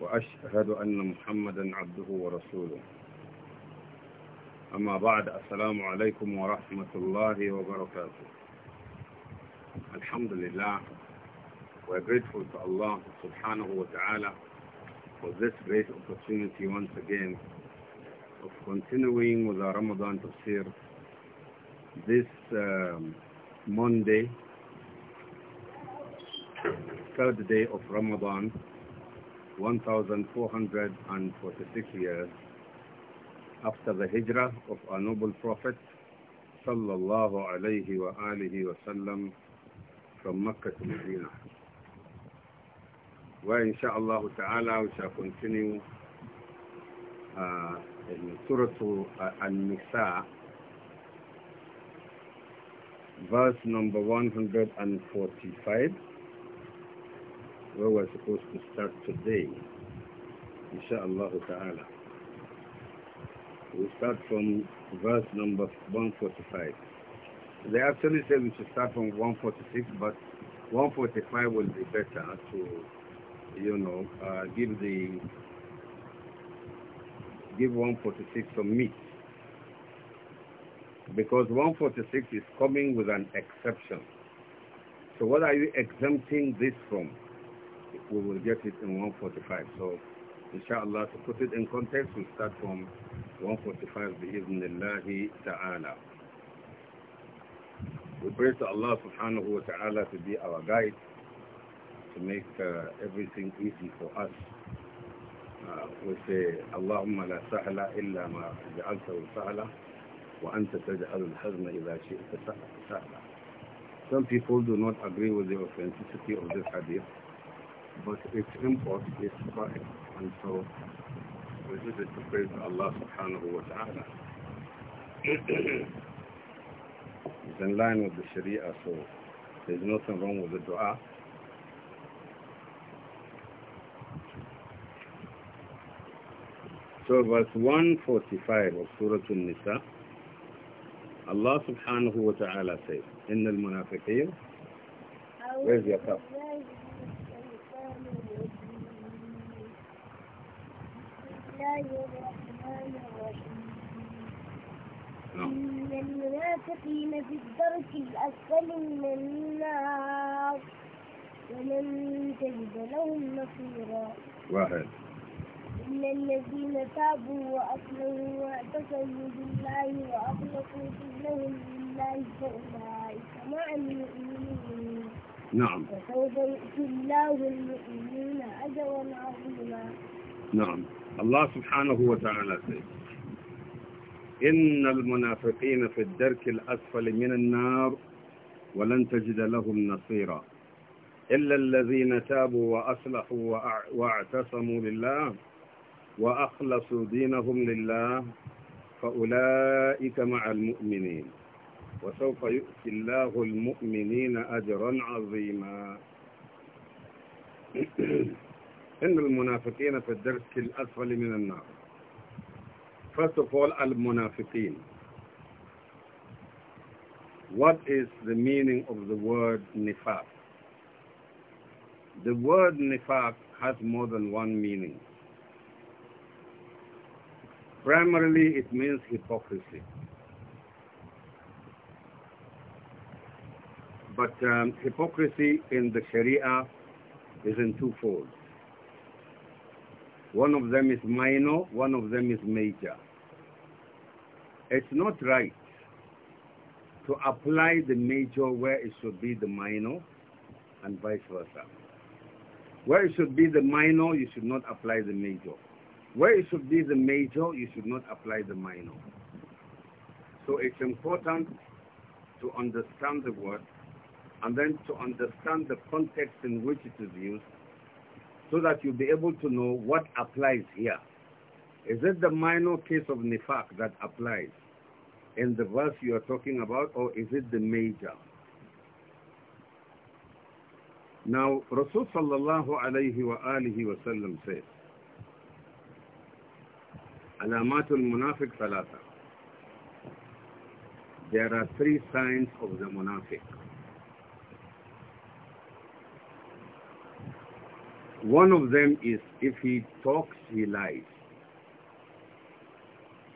وأشهد أن محمدا عبده ورسوله أما بعد السلام عليكم ورحمة الله وبركاته الحمد we We're grateful to Allah subhanahu wa ta'ala for this great opportunity once again of continuing with our Ramadan tafsir this um, Monday, third day of Ramadan 1446 years after the hijrah of our noble prophet sallallahu alayhi wa alihi wa sallam from Mecca to Medina where inshaAllah ta'ala we shall continue uh, in Surah Al-Nisa verse number 145 where we're supposed to start today, insha'Allah ta'ala. We start from verse number 145. They actually said we should start from 146, but 145 will be better to, you know, uh, give the give 146 some meat. Because 146 is coming with an exception. So what are you exempting this from? we will get it in 145. So, inshallah, to put it in context, we start from 145 bi'iznillahi ta'ala. We pray to Allah subhanahu wa ta'ala to be our guide, to make uh, everything easy for us. Uh, we say, Allahumma la sahla illa ma ja'altahu sahla wa anta taj'al hazma ila shi'ta sahla. Some people do not agree with the authenticity of this hadith but its import is correct. And so this is it to praise Allah subhanahu wa ta'ala. it's in line with the Sharia, so there's nothing wrong with the dua. So verse 145 of Surah Al-Nisa, Allah subhanahu wa ta'ala says, إِنَّ الْمُنَافِقِينَ Where's your cup? نعم. إن المنافقين في الدرك الأسفل من النار ولن تجد لهم نصيرا واحد إن الذين تابوا وأصلحوا واعتصموا بالله وأخلصوا دينهم لله فأولئك مع المؤمنين نعم وسوف يؤتي الله المؤمنين أجرا عظيما نعم الله سبحانه وتعالى ta'ala إن المنافقين في الدرك الأسفل من النار ولن تجد لهم نصيرا إلا الذين تابوا وأصلحوا واعتصموا لله وأخلصوا دينهم لله فأولئك مع المؤمنين وسوف يؤتي الله المؤمنين أجرا عظيما إن المنافقين في الدرك الأسفل من النار First of all, al-munafiqeen. What is the meaning of the word nifaq? The word nifaq has more than one meaning. Primarily, it means hypocrisy. But um, hypocrisy in the Sharia is in two folds. One of them is minor, one of them is major. It's not right to apply the major where it should be the minor and vice versa. Where it should be the minor, you should not apply the major. Where it should be the major, you should not apply the minor. So it's important to understand the word and then to understand the context in which it is used so that you'll be able to know what applies here. Is it the minor case of nifak that applies in the verse you are talking about, or is it the major? Now, Rasul sallallahu alayhi wa alihi wa sallam says, Alamatul munafiq salata. There are three signs of the munafiq. One of them is if he talks, he lies.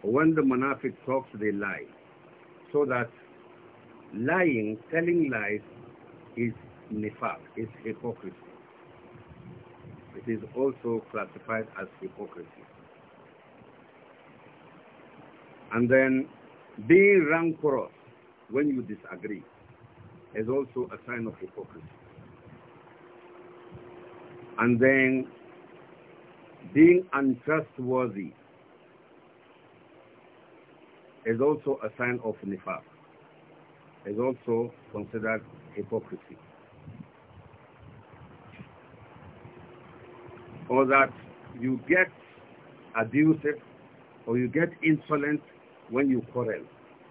When the Manafiq talks, they lie. So that lying, telling lies, is nifaq, is hypocrisy. It is also classified as hypocrisy. And then being rancorous when you disagree is also a sign of hypocrisy. And then being untrustworthy is also a sign of nifaq, is also considered hypocrisy. Or that you get abusive or you get insolent when you quarrel,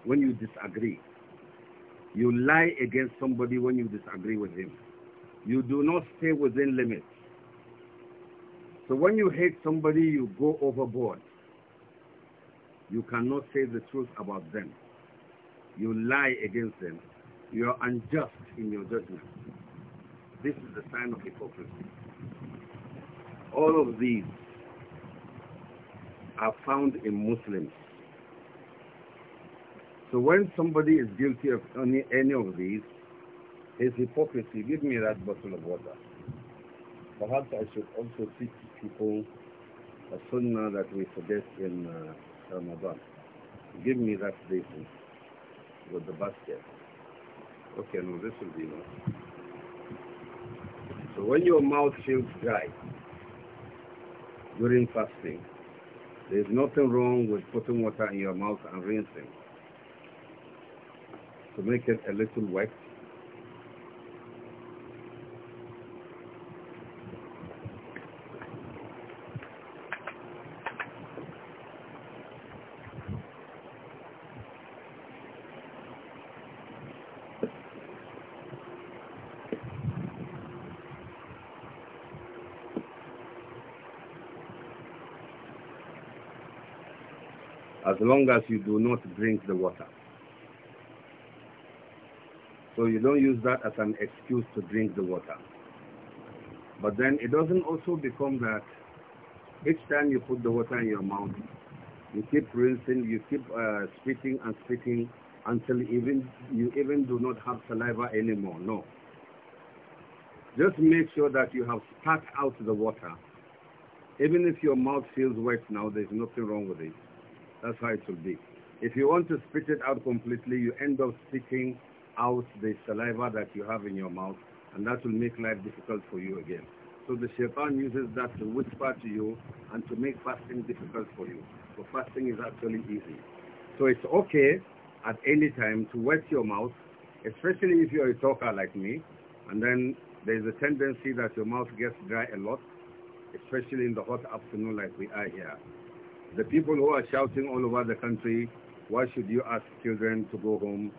when you disagree. You lie against somebody when you disagree with him. You do not stay within limits. So when you hate somebody, you go overboard. You cannot say the truth about them. You lie against them. You are unjust in your judgment. This is the sign of hypocrisy. All of these are found in Muslims. So when somebody is guilty of any, any of these, his hypocrisy. Give me that bottle of water. Perhaps I should also teach people a sunnah that we forget in uh, Ramadan. Give me that basin with the basket. Okay, no, this will be enough. So when your mouth feels dry during fasting, there's nothing wrong with putting water in your mouth and rinsing to make it a little wet long as you do not drink the water. So you don't use that as an excuse to drink the water. But then it doesn't also become that each time you put the water in your mouth, you keep rinsing, you keep uh, spitting and spitting until even you even do not have saliva anymore. No. Just make sure that you have spat out the water. Even if your mouth feels wet now, there's nothing wrong with it. That's how it should be. If you want to spit it out completely, you end up spitting out the saliva that you have in your mouth, and that will make life difficult for you again. So the shaitan uses that to whisper to you and to make fasting difficult for you. So fasting is actually easy. So it's okay at any time to wet your mouth, especially if you're a talker like me, and then there's a tendency that your mouth gets dry a lot, especially in the hot afternoon like we are here. The people who are shouting all over the country, why should you ask children to go home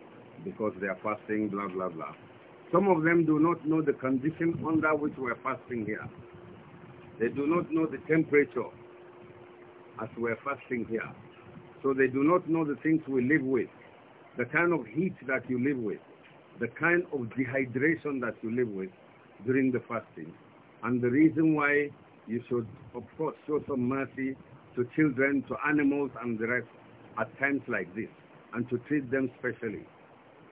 because they are fasting, blah, blah, blah. Some of them do not know the condition under which we are fasting here. They do not know the temperature as we are fasting here. So they do not know the things we live with, the kind of heat that you live with, the kind of dehydration that you live with during the fasting, and the reason why you should, of course, show some mercy to children, to animals and the rest at times like this, and to treat them specially.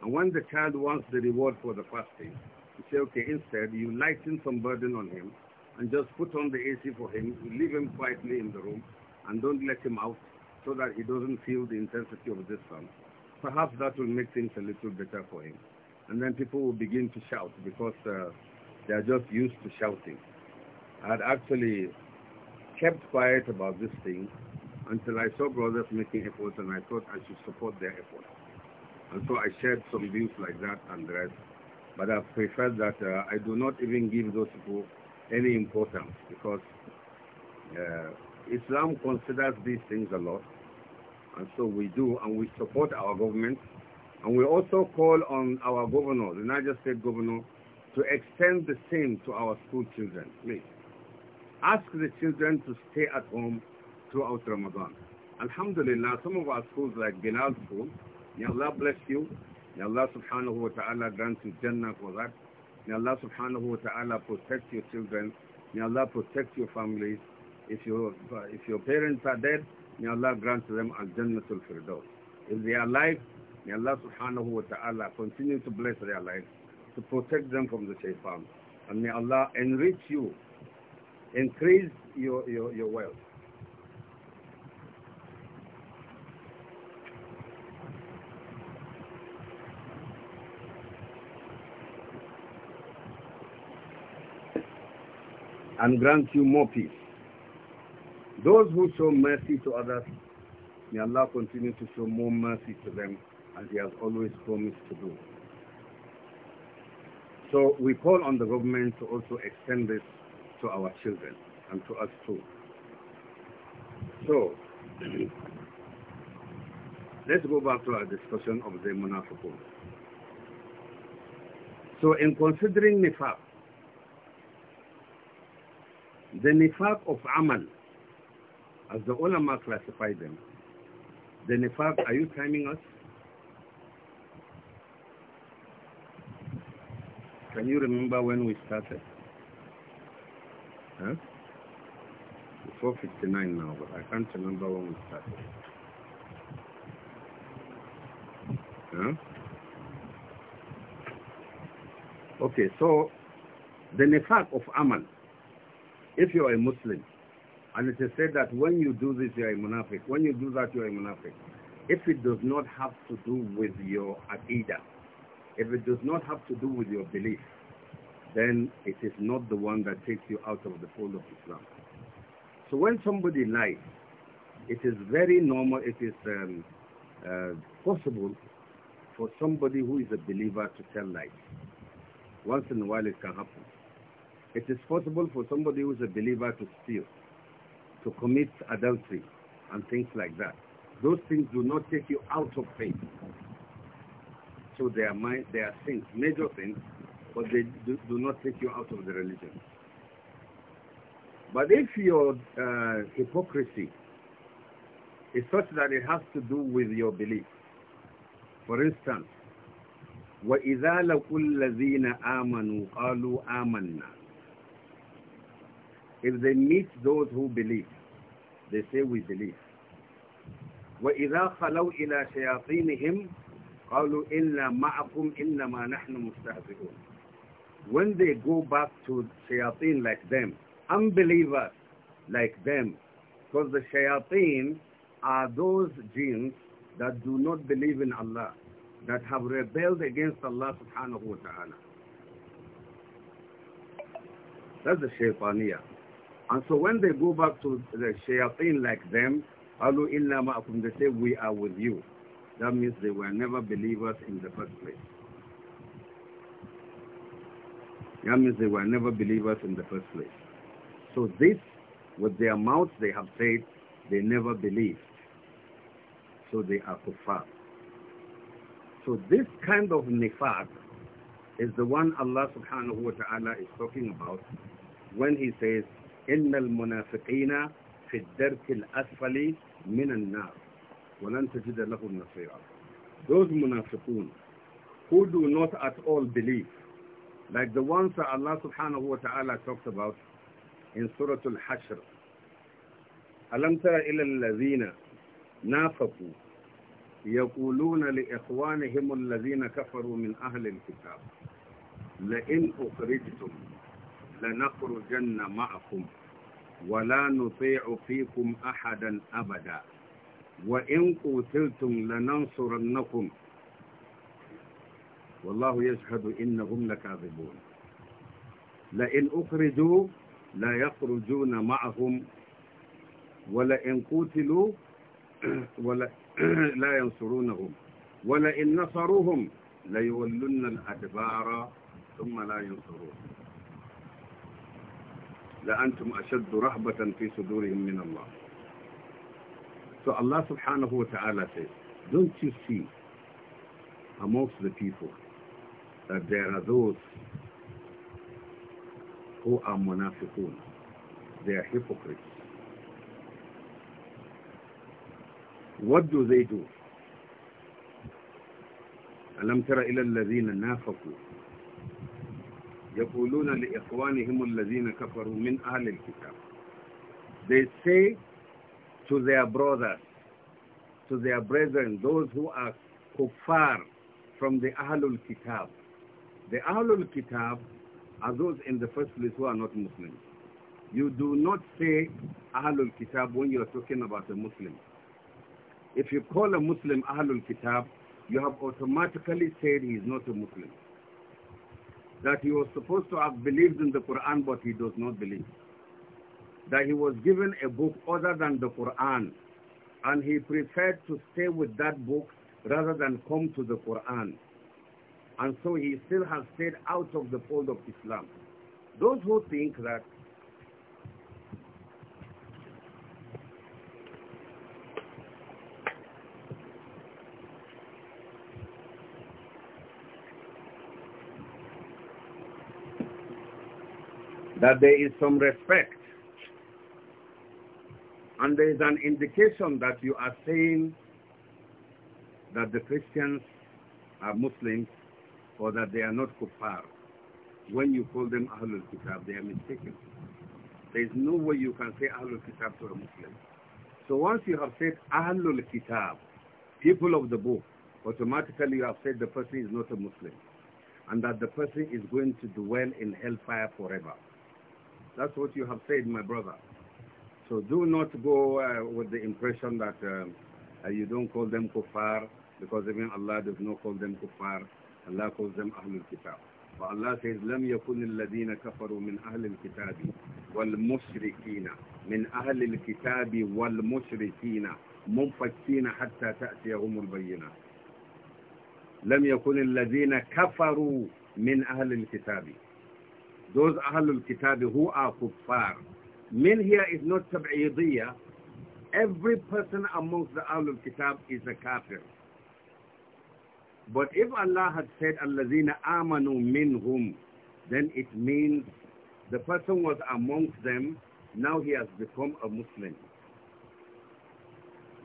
And when the child wants the reward for the fasting, you say, okay, instead you lighten some burden on him and just put on the AC for him, leave him quietly in the room and don't let him out so that he doesn't feel the intensity of this sun. Perhaps that will make things a little better for him. And then people will begin to shout because uh, they are just used to shouting. I had actually kept quiet about this thing until I saw brothers making efforts and I thought I should support their efforts. And so I shared some views like that and the rest. But I prefer that uh, I do not even give those people any importance because uh, Islam considers these things a lot. And so we do, and we support our government. And we also call on our governor, the Niger State governor, to extend the same to our school children, please ask the children to stay at home throughout Ramadan. Alhamdulillah, some of our schools like Bilal School, may Allah bless you. May Allah subhanahu wa ta'ala grant you Jannah for that. May Allah subhanahu wa ta'ala protect your children. May Allah protect your families. If, your if your parents are dead, may Allah grant them Al-Jannatul Firdaus. If they are alive, may Allah subhanahu wa ta'ala continue to bless their lives, to protect them from the shaitan. And may Allah enrich you increase your, your, your wealth. and grant you more peace. Those who show mercy to others, may Allah continue to show more mercy to them as He has always promised to do. So we call on the government to also extend this to our children and to us too. So, let's go back to our discussion of the munafiqun. So in considering nifaq, the nifaq of amal, as the ulama classify them, the nifaq, are you timing us? Can you remember when we started? Huh? 4.59 now, but I can't remember when we started. Huh? Okay, so the nefak of amal, if you are a Muslim, and it is said that when you do this, you are a munafiq. When you do that, you are a munafiq. If it does not have to do with your aqidah, if it does not have to do with your belief, then it is not the one that takes you out of the fold of Islam. So when somebody lies, it is very normal, it is um, uh, possible for somebody who is a believer to tell lies. Once in a while it can happen. It is possible for somebody who is a believer to steal, to commit adultery, and things like that. Those things do not take you out of faith. So they are, my, they are sins, major sins, but they do, do, not take you out of the religion. But if your uh, hypocrisy is such that it has to do with your belief, for instance, وَإِذَا لَقُوا الَّذِينَ آمَنُوا قَالُوا آمَنَّا If they meet those who believe, they say we believe. وَإِذَا خَلَوْا إِلَى شَيَاطِينِهِمْ قَالُوا إِنَّا مَعَكُمْ إِنَّمَا نَحْنُ مُسْتَهْزِئُونَ when they go back to shayateen like them, unbelievers like them, because the shayateen are those jinns that do not believe in Allah, that have rebelled against Allah subhanahu wa ta'ala. That's the shaytaniyah. And so when they go back to the shayateen like them, they say, we are with you. That means they were never believers in the first place. That means they were never believers in the first place. So this, with their mouths they have said, they never believed. So they are kuffar. So this kind of nifaq is the one Allah subhanahu wa ta'ala is talking about when he says, إِنَّ الْمُنَافِقِينَ فِي الدَّرْكِ الْأَسْفَلِ مِنَ النَّارِ وَلَنْ تَجِدَ لَهُمْ نَصِيرًا Those munafiqun who do not at all believe like the ones that Allah subhanahu wa ta'ala talked about in Surah Al-Hashr. Alam tara ila allazina nafaku yaquluna li ikhwanihim allazina kafaru min ahli al-kitab la'in ukhrijtum lanakhrujanna ma'akum wa la nuti'u fikum ahadan abada wa in qutiltum lanansurannakum والله يشهد إنهم لكاذبون لئن أخرجوا لا يخرجون معهم ولئن قتلوا ولا لا ينصرونهم ولئن نصروهم ليولن الأدبار ثم لا ينصرون لأنتم أشد رهبة في صدورهم من الله So Allah subhanahu wa ta'ala says, don't you see amongst the people that there are those who are munafiqun. They are hypocrites. What do they do? ألم تر إلى الذين نافقوا يقولون لإخوانهم الذين كفروا من أهل الكتاب They say to their brothers, to their brethren, those who are kuffar from the Ahlul Kitab, the Ahlul Kitab are those in the first place who are not Muslims. You do not say Ahlul Kitab when you are talking about a Muslim. If you call a Muslim Ahlul Kitab, you have automatically said he is not a Muslim. That he was supposed to have believed in the Quran, but he does not believe. That he was given a book other than the Quran, and he preferred to stay with that book rather than come to the Quran. And so he still has stayed out of the fold of Islam. Those who think that that there is some respect and there is an indication that you are saying that the Christians are Muslims or that they are not kuffar, when you call them Ahlul Kitab, they are mistaken. There is no way you can say Ahlul Kitab to a Muslim. So once you have said Ahlul Kitab, people of the book, automatically you have said the person is not a Muslim and that the person is going to dwell in hellfire forever. That's what you have said, my brother. So do not go uh, with the impression that um, uh, you don't call them kuffar because even Allah does not call them kuffar. Allah calls them Ahlul Kitab. فالله سيد لم يكن الذين كفروا من أهل الكتاب those أهل الكتاب who are كفار من here is not تبعيضية every person amongst the أهل الكتاب is a kafir But if Allah had said, Allazina amanu minhum, then it means the person was amongst them, now he has become a Muslim.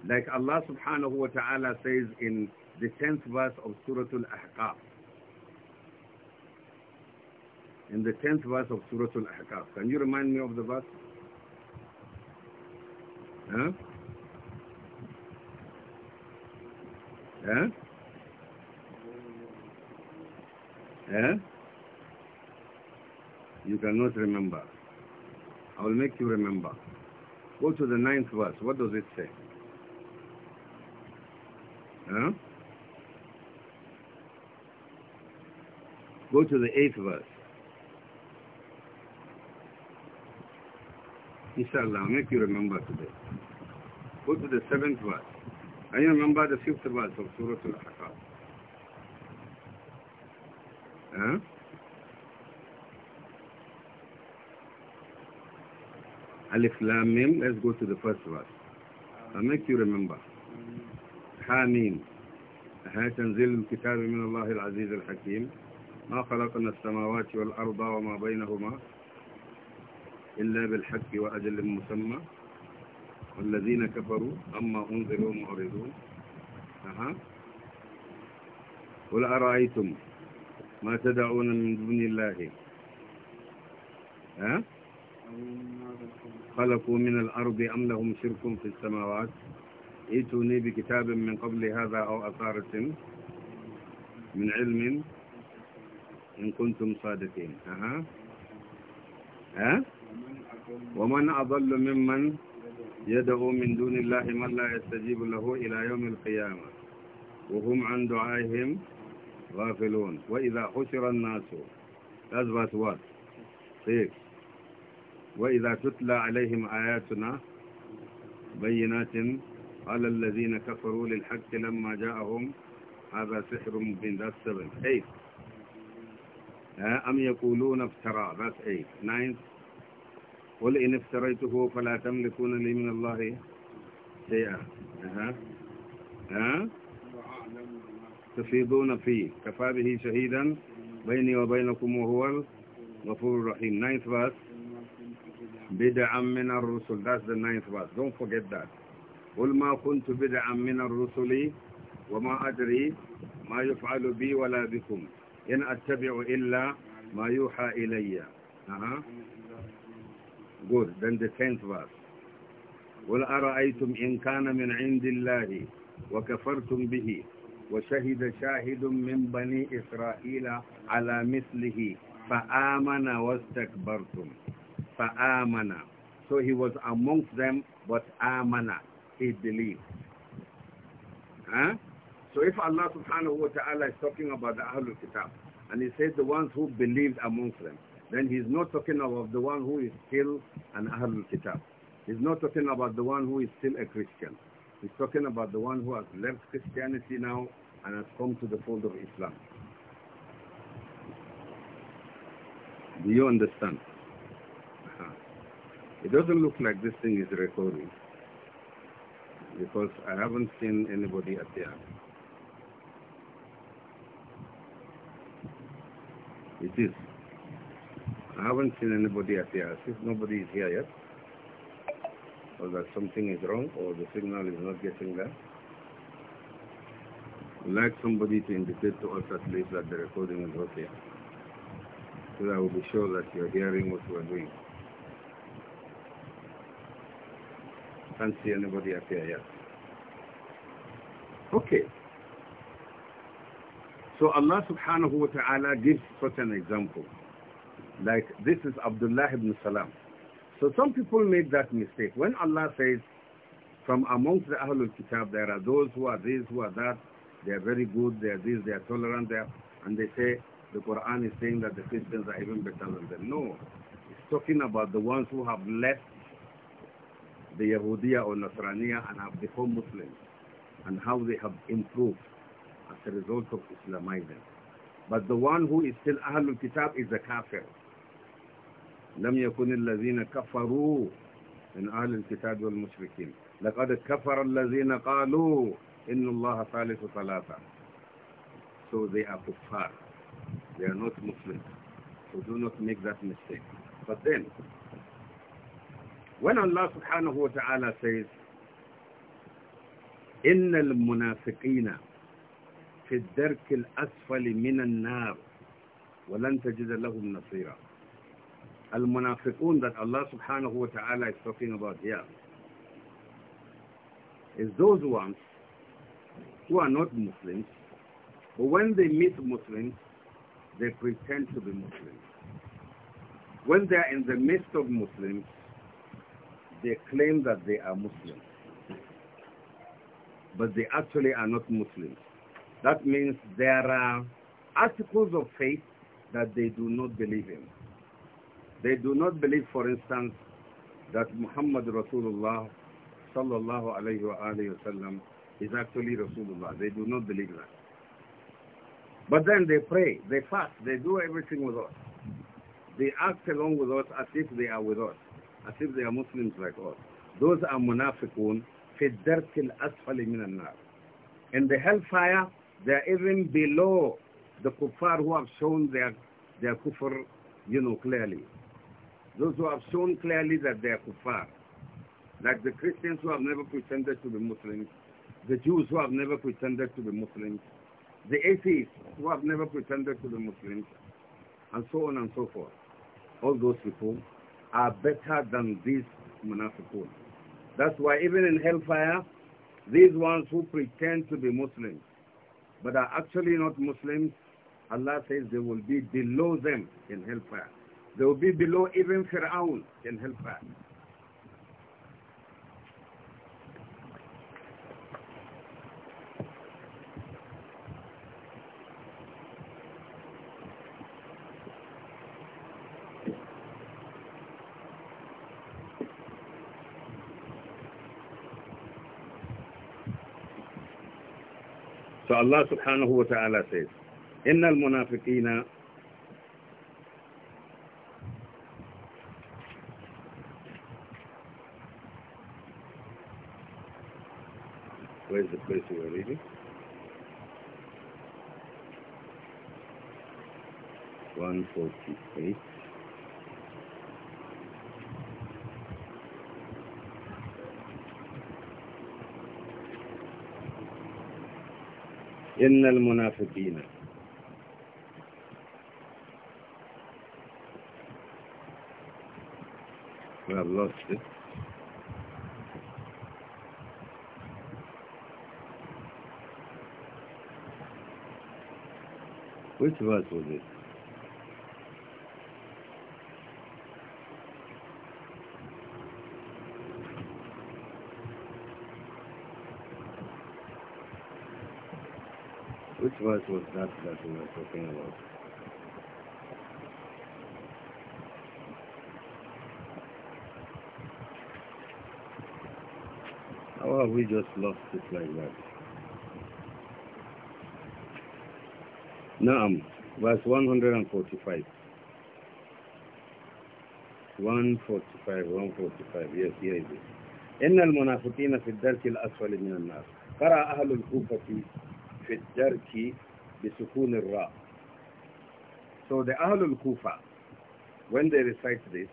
Like Allah subhanahu wa ta'ala says in the 10th verse of Surah Al-Ahqaf. In the 10th verse of Surah Al-Ahqaf. Can you remind me of the verse? Huh? Huh? Eh? You cannot remember. I will make you remember. Go to the ninth verse. What does it say? Huh? Eh? Go to the eighth verse. Inshallah, I'll make you remember today. Go to the seventh verse. I remember the fifth verse of Surah Al-Ahqaf. ها Alif Lam Mim. Let's go to the first verse. I'll make you remember. حامين ها تنزيل الكتاب من الله العزيز الحكيم ما خلقنا السماوات والأرض وما بينهما إلا بالحق وأجل مسمى والذين كفروا أما أنذروا معرضون أها قل أرأيتم ما تدعون من دون الله ها خلقوا من الأرض أم لهم شرك في السماوات ائتوني بكتاب من قبل هذا أو أثارة من علم إن كنتم صادقين ها ها ومن أضل ممن يدعو من دون الله من لا يستجيب له إلى يوم القيامة وهم عن دعائهم غافلون وإذا حشر الناس That's verse طيب وإذا تتلى عليهم آياتنا بينات على الذين كفروا للحق لما جاءهم هذا سحر مبين That's seven. Eight. أم يقولون افترى That's eight. Nine. قل إن افتريته فلا تملكون لي من الله شيئا. ها ها تفيضون فيه كفى به شهيدا بيني وبينكم وهو الغفور الرحيم ninth verse بدعا من الرسل that's the ninth verse don't forget that قل ما كنت بدعا من الرسل وما أدري ما يفعل بي ولا بكم إن أتبع إلا ما يوحى إلي -huh. good then the tenth verse قل أرأيتم إن كان من عند الله وكفرتم به وشهد شاهد من بني إسرائيل على مثله فآمن واستكبرتم فآمن so he was amongst them but آمن he believed huh? so if Allah subhanahu wa ta'ala is talking about the Ahlul Kitab and he says the ones who believed amongst them then he's not talking about the one who is still an Ahlul Kitab he's not talking about the one who is still a Christian He's talking about the one who has left Christianity now and has come to the fold of Islam. Do you understand? Uh-huh. It doesn't look like this thing is recording because I haven't seen anybody at the end. It is. I haven't seen anybody at the end. nobody is here yet or that something is wrong or the signal is not getting there. I'd like somebody to indicate to us at least that the recording is okay. So that will be sure that you're hearing what we're doing. Can't see anybody up here yet. Okay. So Allah subhanahu wa ta'ala gives such an example. Like this is Abdullah ibn Salam. So some people make that mistake. When Allah says, from amongst the Ahlul Kitab, there are those who are this, who are that, they are very good, they are this, they are tolerant, they are, and they say, the Quran is saying that the Christians are even better than them. No, it's talking about the ones who have left the Yahudiya or Nasraniya and have become Muslims and how they have improved as a result of Islamizing. But the one who is still Ahlul Kitab is the kafir. لم يكن الذين كفروا من أهل الكتاب والمشركين لقد كفر الذين قالوا إن الله ثالث ثلاثة so they are kuffar they are not Muslims so do not make that mistake but then when Allah subhanahu wa ta'ala says إن المنافقين في الدرك الأسفل من النار ولن تجد لهم نصيرا Al-Munafiqun that Allah subhanahu wa ta'ala is talking about here is those ones who are not Muslims, but when they meet Muslims, they pretend to be Muslims. When they are in the midst of Muslims, they claim that they are Muslims. But they actually are not Muslims. That means there are articles of faith that they do not believe in. They do not believe, for instance, that Muhammad Rasulullah sallallahu alayhi wa is actually Rasulullah. They do not believe that. But then they pray, they fast, they do everything with us. They act along with us as if they are with us, as if they are Muslims like us. Those are munafiqun fi darkil asfali minan nar. In the hellfire, they are even below the kuffar who have shown their, their kufr, you know, clearly. Those who have shown clearly that they are kuffar, like the Christians who have never pretended to be Muslims, the Jews who have never pretended to be Muslims, the atheists who have never pretended to be Muslims, and so on and so forth. All those people are better than these munafiqun. That's why even in hellfire, these ones who pretend to be Muslims, but are actually not Muslims, Allah says they will be below them in hellfire. They will be below even Fir'aun help us. So Allah subhanahu wa ta'ala says, إِنَّ الْمُنَافِقِينَ is the place we are reading. One forty-eight. إن المنافقين We have lost it. Which verse was it? Which verse was that that we were talking about? How have we just lost it like that? Naam, verse 145. 145, 145, yes, here it is. إن المنافقين في الدرك الأسفل من النار قرأ أهل الكوفة في الدرك بسكون الراء So the Ahlul Kufa, when they recite this,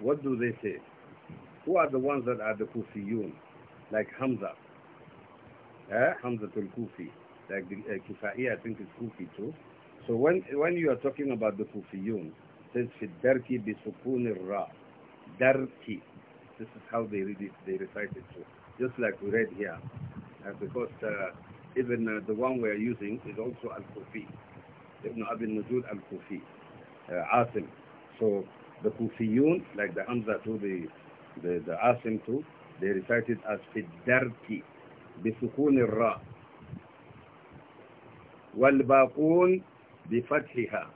what do they say? Who are the ones that are the Kufiyun? Like Hamza. Eh? Hamza al-Kufi like the uh, I think it's Kufi too. So when when you are talking about the Kufiyun, it says Fiddarki bisukunir ra, darki. This is how they read it, they recite it too. Just like we read here, because uh, even uh, the one we are using is also Al-Kufi, Ibn Abin Nujud Al-Kufi, uh, Asim. So the Kufiyun, like the Hamza to the, the, the Asim too, they recite it as Fiddarki, بسكون الراء والباقون بفتحها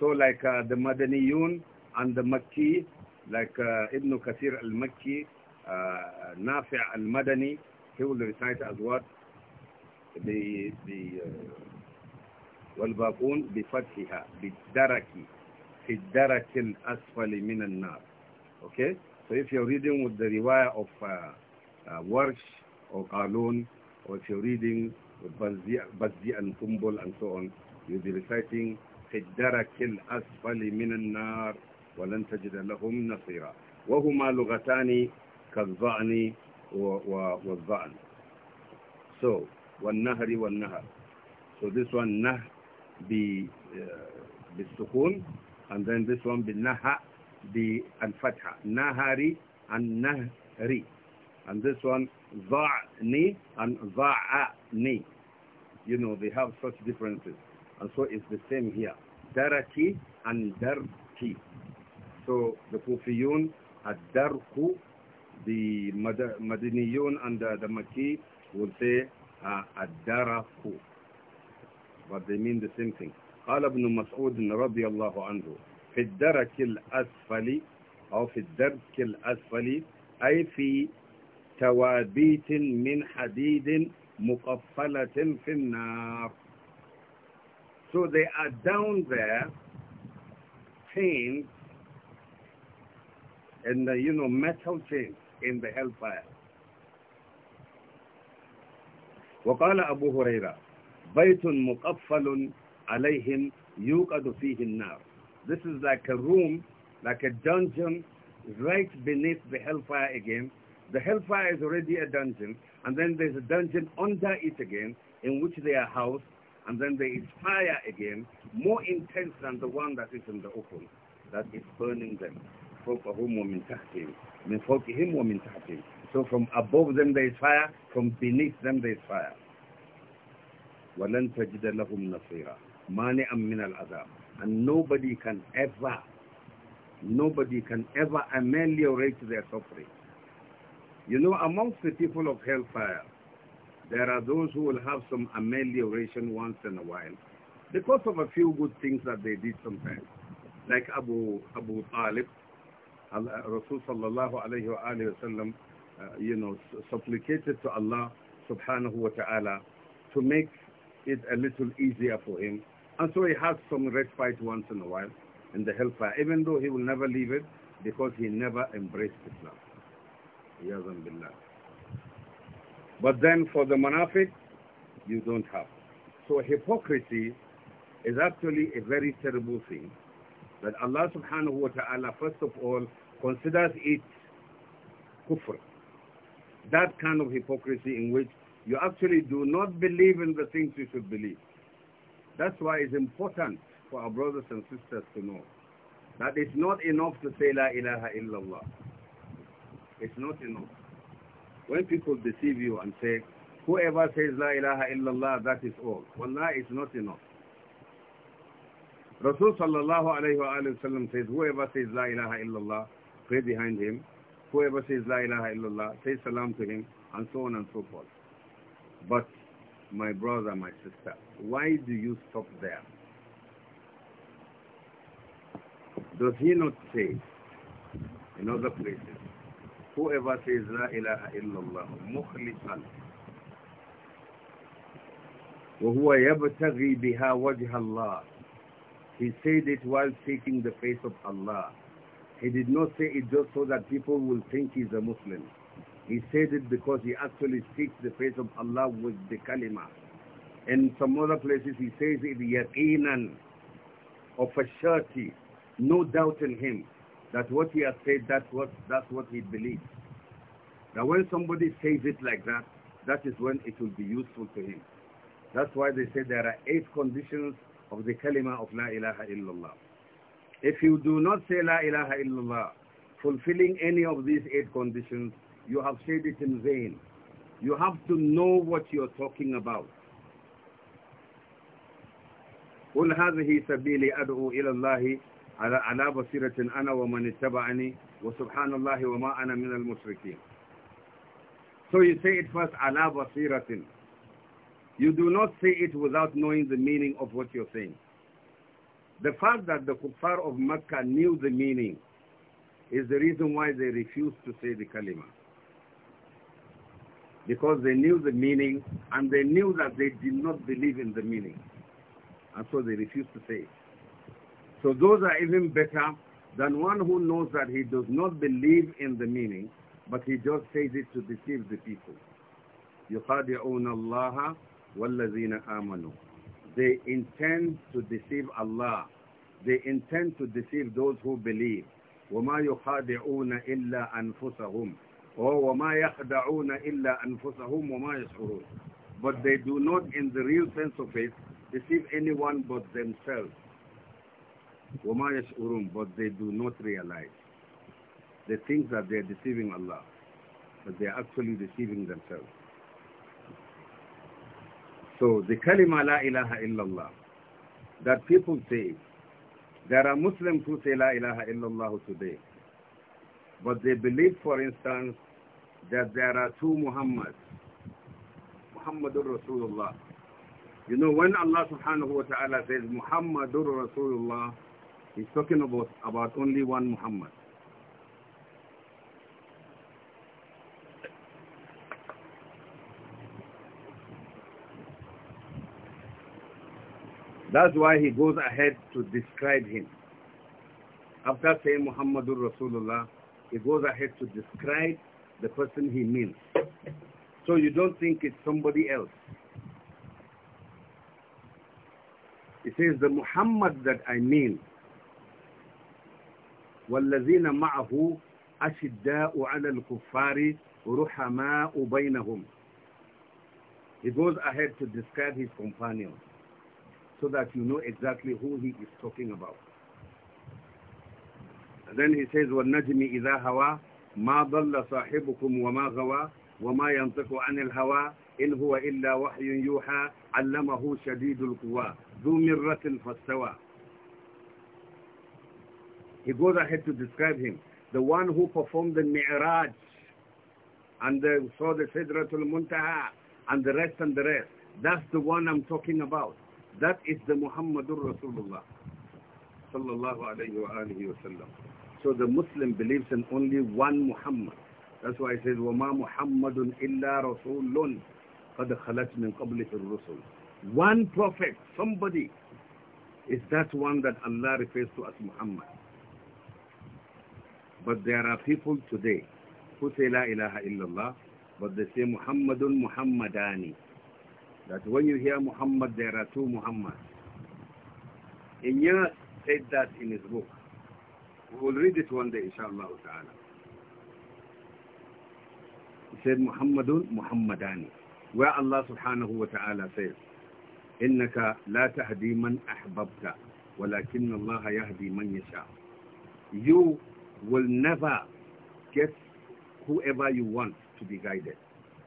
so like uh, the Madaniyun and the Makki like uh, Ibn Kathir al-Makki uh, al-Madani he will recite as what the the uh, والباقون بفتحها بالدرك في الدرك الأسفل من النار okay so if you're reading with the riwayah of uh, uh, Warsh or Qalun or if you're reading Bazzi and Kumbul and so on, you'll be reciting فِدَّرَكِ الْأَسْفَلِ مِنَ النَّارِ وَلَنْ تَجِدَ لَهُمْ نَصِيرًا وَهُمَا لُغَتَانِ كَالظَّعْنِ وَالظَّعْنِ So, وَالنَّهْرِ وَالنَّهَرِ So this one, nah, be, uh, be sukun, and then this one be naha, be al-fatha. Nahari and nahri. And this one, ظَعْنِ and ظَعَ me. You know, they have such differences. And so it's the same here. Daraki and darki. So the Kufiyun, ad-darku, the Madiniyun and uh, the, the Maki will say uh, ad-daraku. But they mean the same thing. قال ابن مسعود رضي الله عنه في الدرك الأسفل أو في الدرك الأسفل أي في توابيت من حديد مُقَفَّلَةٍ فِي النَّارِ So they are down there, chained, and you know, metal chains in the hellfire. وقال أبو هريرة بيت مقفل عليهم يوقد فيه النار This is like a room, like a dungeon right beneath the hellfire again. The hellfire is already a dungeon, and then there's a dungeon under it again in which they are housed, and then there is fire again, more intense than the one that is in the open, that is burning them. So from above them there is fire, from beneath them there is fire. وَلَنْ تَجِدَ لَهُمْ نَصِيرًا مَانِعًا مِنَ الْعَذَابِ And nobody can ever, nobody can ever ameliorate their suffering. You know, amongst the people of hellfire, there are those who will have some amelioration once in a while because of a few good things that they did sometimes. Like Abu Abu Talib, Rasul sallallahu alayhi wa alayhi wa sallam, uh, you know, supplicated to Allah subhanahu wa ta'ala to make it a little easier for him. And so he has some respite once in a while in the hellfire, even though he will never leave it because he never embraced Islam. But then for the Manafit, you don't have. So hypocrisy is actually a very terrible thing that Allah subhanahu wa ta'ala first of all considers it kufr. That kind of hypocrisy in which you actually do not believe in the things you should believe. That's why it's important for our brothers and sisters to know that it's not enough to say La ilaha illallah. It's not enough. When people deceive you and say, whoever says La ilaha illallah, that is all. Wallah, it's not enough. Rasul sallallahu alayhi wa sallam says, whoever says La ilaha illallah, pray behind him. Whoever says La ilaha illallah, say salam to him, and so on and so forth. But, my brother, my sister, why do you stop there? Does he not say in other places, Whoever says La ilaha illallah mukhlisan وهو يبتغي بها وجه الله He said it while seeking the face of Allah. He did not say it just so that people will think he's a Muslim. He said it because he actually seeks the face of Allah with the kalima. In some other places he says it yaqinan, of a surety, no doubt in him. That what he has said, that's what, that's what he believes. Now when somebody says it like that, that is when it will be useful to him. That's why they say there are eight conditions of the kalima of La ilaha illallah. If you do not say La ilaha illallah, fulfilling any of these eight conditions, you have said it in vain. You have to know what you're talking about. قل هذه سبيلي أدعو إلى الله على بصيرة أنا ومن اتبعني وسبحان الله وما أنا من المشركين So you say it first, ala basiratin. You do not say it without knowing the meaning of what you're saying. The fact that the kuffar of Mecca knew the meaning is the reason why they refused to say the kalima. Because they knew the meaning and they knew that they did not believe in the meaning. And so they refused to say it. So those are even better than one who knows that he does not believe in the meaning, but he just says it to deceive the people. اللَّهَ وَالَّذِينَ آمَنُوا They intend to deceive Allah. They intend to deceive those who believe. وَمَا إِلَّا أَنفُسَهُم Or وَمَا يَخْدَعُونَ إِلَّا أَنفُسَهُمْ وَمَا يَشْعُرُونَ But they do not, in the real sense of it, deceive anyone but themselves. وَمَا urum, But they do not realize. They think that they are deceiving Allah, but they are actually deceiving themselves. So the kalima la ilaha illallah that people say, there are Muslims who say la ilaha illallah today, but they believe, for instance, that there are two Muhammads, Muhammadur Rasulullah. You know, when Allah subhanahu wa ta'ala says Muhammadur Rasulullah, He's talking about, about only one Muhammad. That's why he goes ahead to describe him. After saying Muhammadur Rasulullah, he goes ahead to describe the person he means. So you don't think it's somebody else. He says, the Muhammad that I mean والذين معه أشداء على الكفار رحماء بينهم He goes ahead to describe his companions so that you know exactly who he is talking about. And then he says, وَالنَّجْمِ إِذَا هَوَى مَا ضَلَّ صَاحِبُكُمْ وَمَا غَوَى وَمَا يَنطِقُ عَنِ الْهَوَى إِنْ هُوَ إِلَّا وَحْيٌ يُوحَى عَلَّمَهُ شَدِيدُ الْقُوَى ذُو مِرَّةٍ فَاسْتَوَى He goes ahead to describe him. The one who performed the Mi'raj and the, saw the Sidratul Muntaha and the rest and the rest. That's the one I'm talking about. That is the Muhammadur Rasulullah. Sallallahu alayhi wa wa sallam. So the Muslim believes in only one Muhammad. That's why he says, وَمَا مُحَمَّدٌ إِلَّا رَسُولٌ قَدْ خَلَتْ مِنْ قَبْلِهِ الرُّسُلُ One prophet, somebody, is that one that Allah refers to as Muhammad. But there are people today who say La ilaha illallah, but they say Muhammadun Muhammadani. That when you hear Muhammad, there are two Muhammads. Inyas said that in his book. We will read it one day, inshallah He said Muhammadun Muhammadani. Where Allah subhanahu wa ta'ala says, إنك لا تهدي من أحببت ولكن الله يهدي من يشاء. You will never get whoever you want to be guided.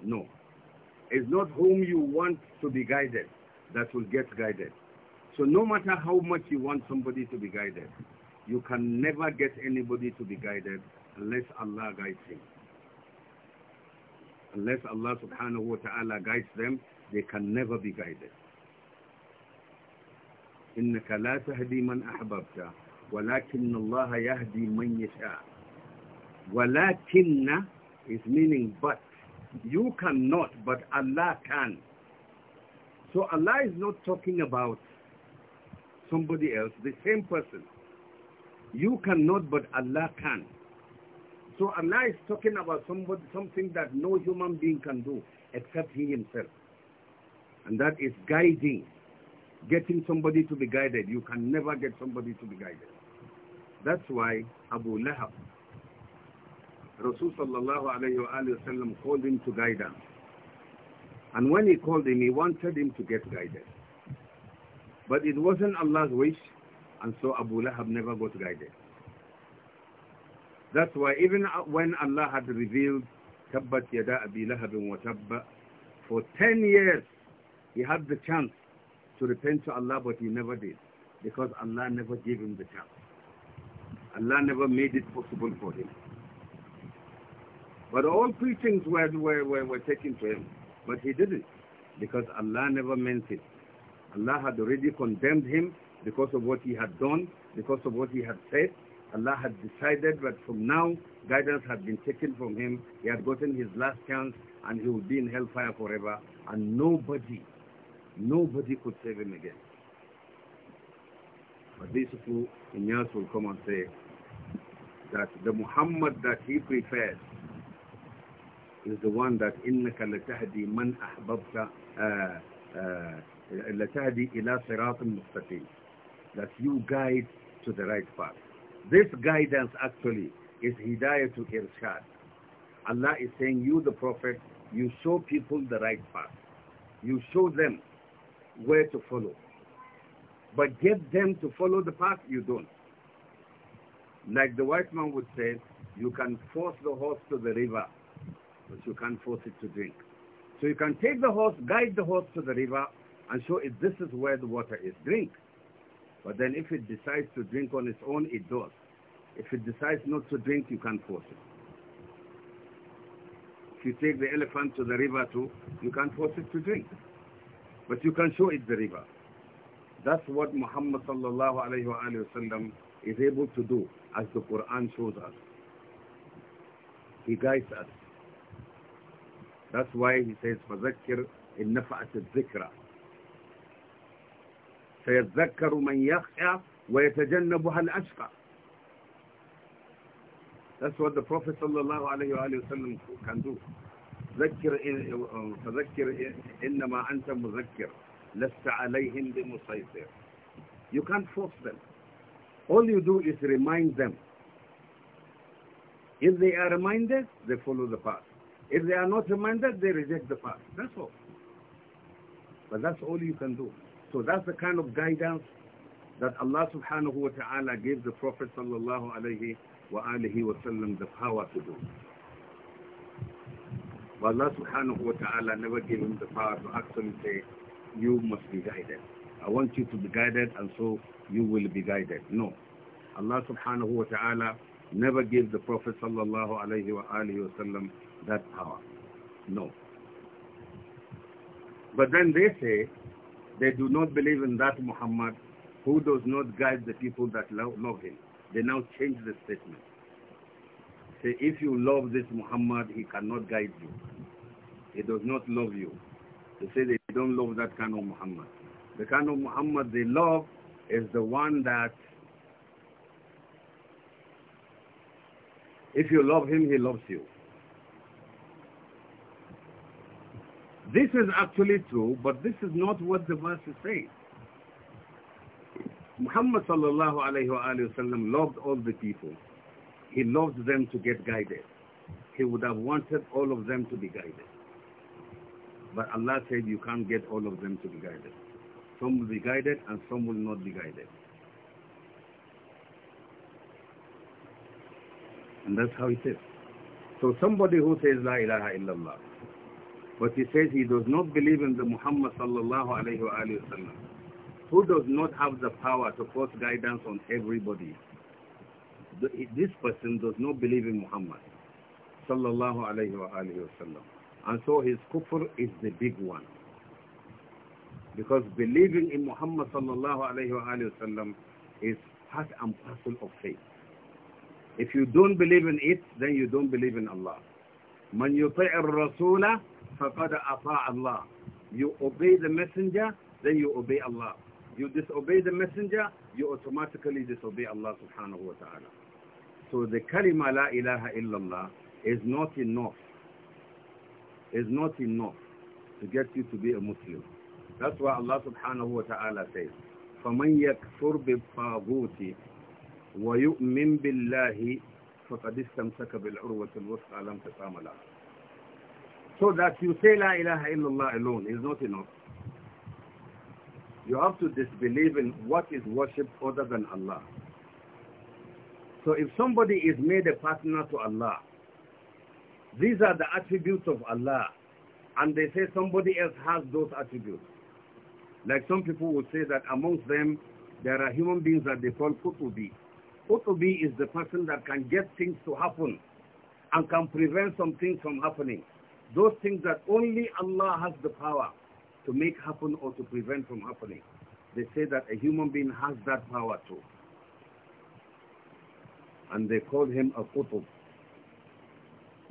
No. It's not whom you want to be guided that will get guided. So no matter how much you want somebody to be guided, you can never get anybody to be guided unless Allah guides him. Unless Allah subhanahu wa ta'ala guides them, they can never be guided. إنك لا تهدي من أحببت walakin Allah yahdi yasha. Walakinna is meaning but. You cannot, but Allah can. So Allah is not talking about somebody else, the same person. You cannot, but Allah can. So Allah is talking about somebody, something that no human being can do except He Himself. And that is guiding, getting somebody to be guided. You can never get somebody to be guided. That's why Abu Lahab, Rasul sallallahu alayhi wa sallam called him to guide him, And when he called him, he wanted him to get guided. But it wasn't Allah's wish, and so Abu Lahab never got guided. That's why even uh, when Allah had revealed Tabbat Yada Abi Lahab wa Tabba, for 10 years he had the chance to repent to Allah, but he never did, because Allah never gave him the chance. Allah never made it possible for him. But all preachings were, were, were, were taken to him, but he didn't, because Allah never meant it. Allah had already condemned him because of what he had done, because of what he had said. Allah had decided that from now, guidance had been taken from him. He had gotten his last chance, and he would be in hellfire forever. And nobody, nobody could save him again. But these two, Inyas will come and say, that the Muhammad that he prefers is the one that إِنَّكَ لَتَهْدِي مَنْ أَحْبَبْتَ لَتَهْدِي إِلَى صِرَاطٍ مُسْتَقِيمٍ That you guide to the right path. This guidance actually is hidayah to irshad. Allah is saying, you the Prophet, you show people the right path. You show them where to follow. But get them to follow the path you don't. Like the white man would say, you can force the horse to the river, but you can't force it to drink. So you can take the horse, guide the horse to the river, and show it this is where the water is, drink. But then if it decides to drink on its own, it does. If it decides not to drink, you can't force it. If you take the elephant to the river too, you can't force it to drink. But you can show it the river. That's what Muhammad sallallahu alayhi wa sallam is able to do as the Quran shows us. He guides us. That's why he says, فَذَكِّرْ إِن الذِّكْرَى الذِّكْرَ من يَخْعَى ويتجنبها الأشقى That's what the Prophet صلى الله عليه وآله وسلم can do. ذكر فذكر إنما أنت مذكر لست عليهم بمسيطر. You can't force them. All you do is remind them. If they are reminded, they follow the path. If they are not reminded, they reject the path. That's all. But that's all you can do. So that's the kind of guidance that Allah subhanahu wa ta'ala gave the Prophet sallallahu alayhi wa alihi wa sallam the power to do. But Allah subhanahu wa ta'ala never gave him the power to actually say, you must be guided. I want you to be guided and so you will be guided. No. Allah subhanahu wa ta'ala never gave the Prophet sallallahu alayhi wa alayhi wa that power. No. But then they say they do not believe in that Muhammad who does not guide the people that love, love him. They now change the statement. Say, if you love this Muhammad, he cannot guide you. He does not love you. They say they don't love that kind of Muhammad. The kind of Muhammad they love is the one that if you love him, he loves you. This is actually true, but this is not what the verse is saying. Muhammad sallallahu alayhi wa sallam loved all the people. He loved them to get guided. He would have wanted all of them to be guided. But Allah said you can't get all of them to be guided. Some will be guided and some will not be guided. And that's how it is. So somebody who says La ilaha illallah, but he says he does not believe in the Muhammad sallallahu alayhi wa sallam, who does not have the power to force guidance on everybody, this person does not believe in Muhammad sallallahu alayhi wa sallam. And so his kufr is the big one. Because believing in Muhammad sallallahu alayhi wa sallam is part and parcel of faith. If you don't believe in it, then you don't believe in Allah. Man yuti'ir rasula faqad ata'a Allah. You obey the messenger, then you obey Allah. You disobey the messenger, you automatically disobey Allah subhanahu wa ta'ala. So the kalima la ilaha illallah is not enough. Is not enough to get you to be a Muslim. That's why Allah subhanahu wa ta'ala says, فَمَنْ يَكْفُرْ وَيُؤْمِنْ بِاللَّهِ بِالْعُرْوَةِ لَمْ So that you say La ilaha illallah alone is not enough. You have to disbelieve in what is worshipped other than Allah. So if somebody is made a partner to Allah, these are the attributes of Allah, and they say somebody else has those attributes. Like some people would say that amongst them, there are human beings that they call Qutubi. Qutubi is the person that can get things to happen and can prevent some things from happening. Those things that only Allah has the power to make happen or to prevent from happening. They say that a human being has that power too. And they call him a Qutub.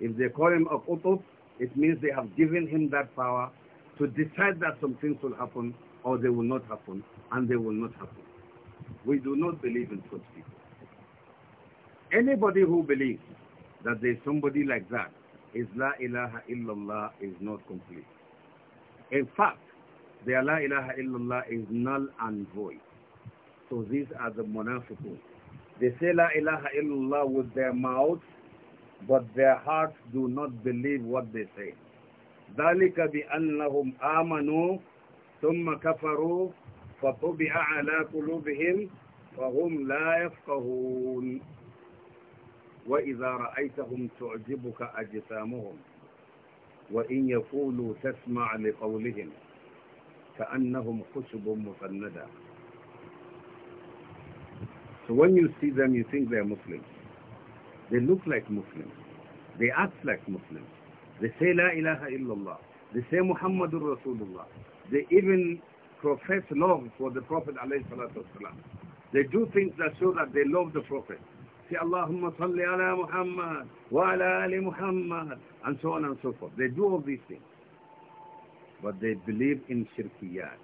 If they call him a Qutub, it means they have given him that power to decide that some things will happen or they will not happen, and they will not happen. We do not believe in such people. Anybody who believes that there's somebody like that is La ilaha illallah is not complete. In fact, the La ilaha illallah is null and void. So these are the munafiqun. They say La ilaha illallah with their mouths, but their hearts do not believe what they say. ذلك بأنهم آمنوا ثم كفروا فطبع على قلوبهم فهم لا يفقهون وإذا رأيتهم تعجبك أجسامهم وإن يقولوا تسمع لقولهم كأنهم خشب مسندة So when you see them, you think they are Muslims. They look like Muslims. They act like Muslims. They say La ilaha illallah. They say Muhammadur Rasulullah. They even profess love for the Prophet They do things that show that they love the Prophet. Say, Allahumma salli ala Muhammad wa ala ali Muhammad and so on and so forth. They do all these things. But they believe in shirkiyat.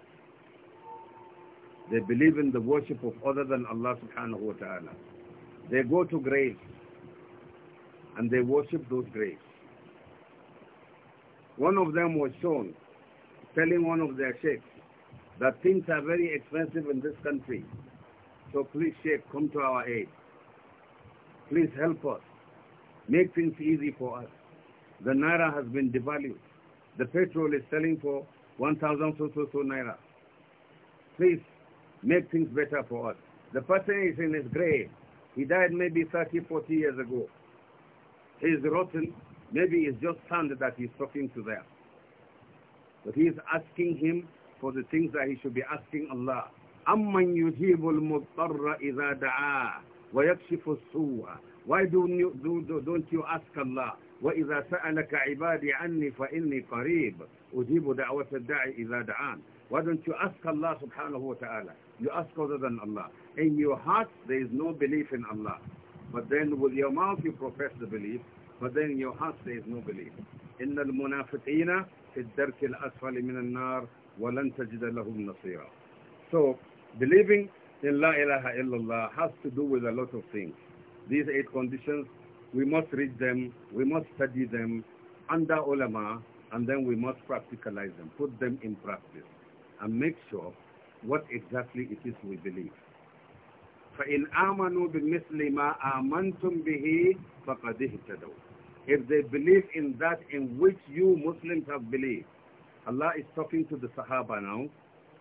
They believe in the worship of other than Allah subhanahu wa ta'ala. They go to graves and they worship those graves. One of them was shown telling one of their sheikhs that things are very expensive in this country. So please, sheikh, come to our aid. Please help us. Make things easy for us. The naira has been devalued. The petrol is selling for 1,000 so so so naira. Please make things better for us. The person is in his grave. He died maybe 30, 40 years ago. He is rotten. Maybe it's just sand that he's talking to there. But he is asking him for the things that he should be asking Allah. أَمَّنْ يُجِيبُ الْمُضْطَرَّ إِذَا دَعَاهُ وَيَكْشِفُ السُّوءَ Why don't you, do, don't you ask Allah? وَإِذَا سَأَلَكَ عِبَادِي عَنِّي فَإِنِّي قَرِيبٌ أُجِيبُ دَعْوَةَ الدَّاعِ إِذَا دَعَانِ Why don't you ask Allah subhanahu wa ta'ala? You ask other than Allah. In your heart, there is no belief in Allah. But then with your mouth, you profess the belief. But then in your heart, there is no belief. إِنَّ الْمُنَافِقِينَ في الدرك الأسفل من النار ولن تجد لهم نصيرا So believing in La ilaha illallah has to do with a lot of things. These eight conditions, we must read them, we must study them under ulama, and then we must practicalize them, put them in practice, and make sure what exactly it is we believe. فإن آمنوا بمثل ما آمنتم به فقد اهتدوا if they believe in that in which you Muslims have believed. Allah is talking to the Sahaba now,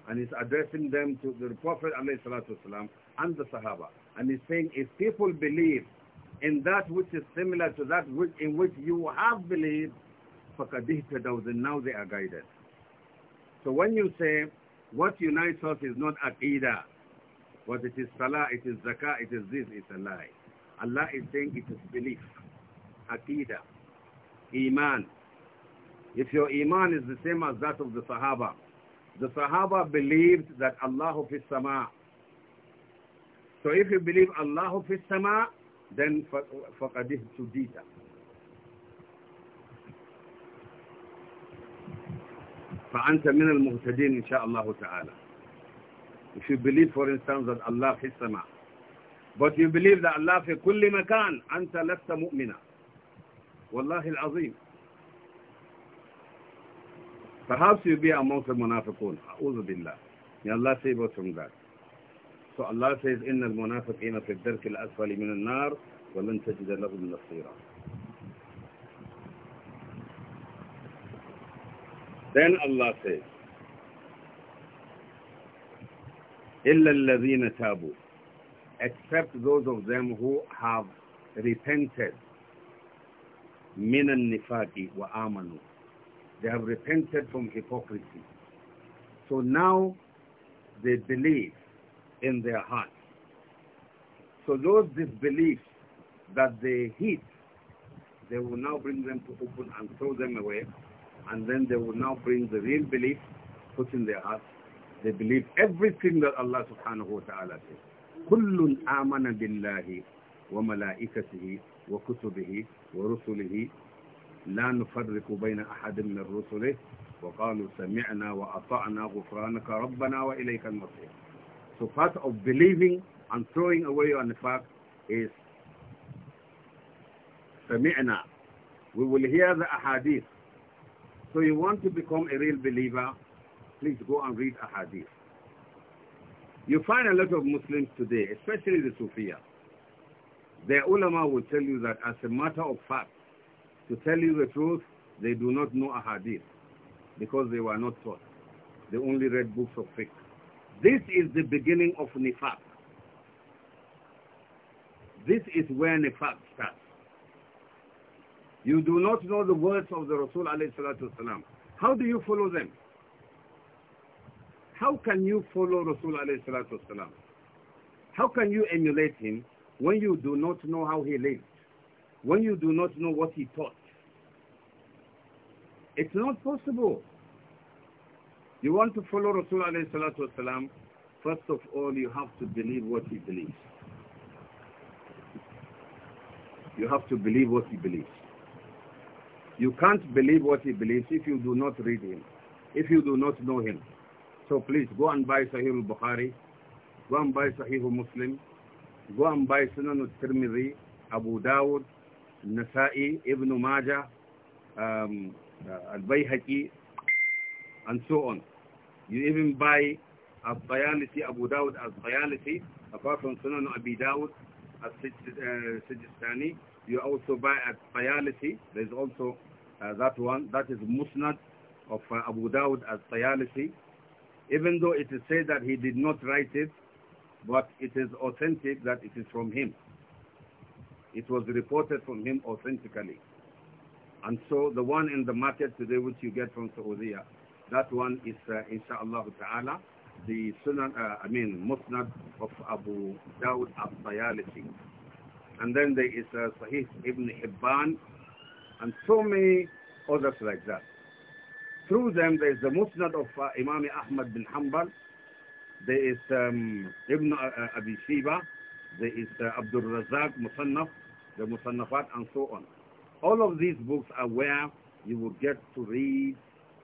and is addressing them to the Prophet والسلام, and the Sahaba. And he's saying, if people believe in that which is similar to that which, in which you have believed, then now they are guided. So when you say, what unites us is not aqidah, but it is salah, it is zakah, it is this, it's a lie. Allah is saying it is belief. Aqidah, Iman. If your Iman is the same as that of the Sahaba, the Sahaba believed that Allah fi sama. So if you believe Allah fi sama, then faqadih tudita. فأنت من المهتدين إن شاء الله تعالى. If you believe, for instance, that Allah fi sama, but you believe that Allah fi kulli makan, أنت لست مؤمنا. والله العظيم Perhaps you'll be amongst the munafiqun. A'udhu billah. May Allah save us from that. So Allah says, إِنَّ الْمُنَافِقِينَ فِي الدَّرْكِ الْأَسْفَلِ مِنَ النَّارِ وَلَنْ تَجِدَ لَهُمْ نَصِيرًا Then Allah says, إِلَّا الَّذِينَ تَابُوا Except those of them who have repented minan nifaqi wa amanu. They have repented from hypocrisy. So now they believe in their heart. So those disbeliefs that they hid, they will now bring them to open and throw them away. And then they will now bring the real belief, put in their heart. They believe everything that Allah subhanahu wa ta'ala says. كل آمن بالله وملائكته وكتبه ورسله لا نفرق بين أحد من رسله وقالوا سمعنا وأطعنا غفرانك ربنا وإليك المصير So part of believing and throwing away on the fact is سمعنا We will hear the ahadith. So you want to become a real believer, please go and read ahadith. You find a lot of Muslims today, especially the Sufiyah, The ulama will tell you that as a matter of fact, to tell you the truth, they do not know a hadith because they were not taught. They only read books of fiqh. This is the beginning of nifaq. This is where nifaq starts. You do not know the words of the Rasul alayhi How do you follow them? How can you follow Rasul alayhi How can you emulate him when you do not know how he lived, when you do not know what he taught, it's not possible. You want to follow Rasulullah alayhi first of all you have to believe what he believes. You have to believe what he believes. You can't believe what he believes if you do not read him, if you do not know him. So please go and buy Sahih al-Bukhari, go and buy Sahih al-Muslim, Go and buy Sunan al-Tirmidhi, Abu Dawud, Nasa'i, Ibn Majah, um, uh, Al-Bayhaqi, and so on. You even buy a bayalisi Abu Dawud as bayalisi apart from Sunan Abi Dawud as uh, sijistani You also buy Al-Bayalisi. There's also uh, that one. That is Musnad of uh, Abu Dawud as bayalisi Even though it is said that he did not write it, but it is authentic that it is from him. It was reported from him authentically. And so the one in the market today which you get from Saudi, that one is uh, inshallah ta'ala the Sunan, uh, I mean Musnad of Abu Dawud al-Tayalisi. And then there is uh, Sahih Ibn Hibban and so many others like that. Through them there is the Musnad of uh, Imam Ahmad bin Hanbal there is um, Ibn uh, uh, Abi Shiba, there is uh, Abdul Razak Musannaf, the Musannafat, and so on. All of these books are where you will get to read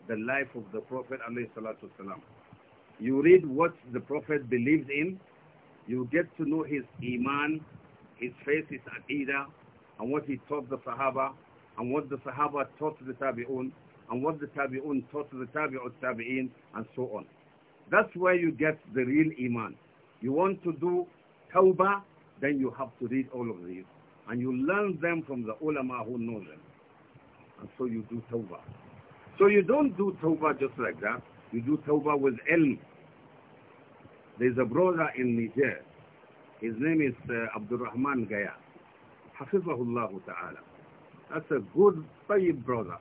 the life of the Prophet والسلام. You read what the Prophet believed in, you get to know his Iman, his faith, his Aqidah, and what he taught the Sahaba, and what the Sahaba taught the Tabi'un, and what the Tabi'un taught the Tabi'ut Tabi'in, and so on. That's where you get the real iman. You want to do tawbah, then you have to read all of these. And you learn them from the ulama who know them. And so you do tawbah. So you don't do tawbah just like that. You do tawbah with ilm. There's a brother in Niger. His name is uh, Abdurrahman Gaya. Hafizahullah ta'ala. That's a good, brave brother.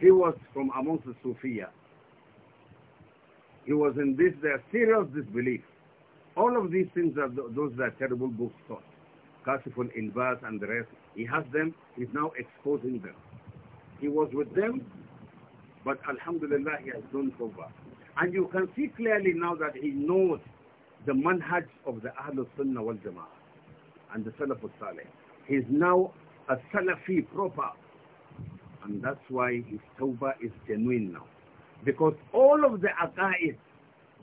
He was from amongst the Sufiya. He was in this their serious disbelief. All of these things are th those that terrible books taught. Kasifun Inbas and the rest. He has them. He's now exposing them. He was with them, but Alhamdulillah, he has done so far. And you can see clearly now that he knows the manhaj of the Ahlul Sunnah wal Jama'ah and the Salafus saleh He's now a Salafi proper. And that's why his tawbah is genuine now. Because all of the aqa'id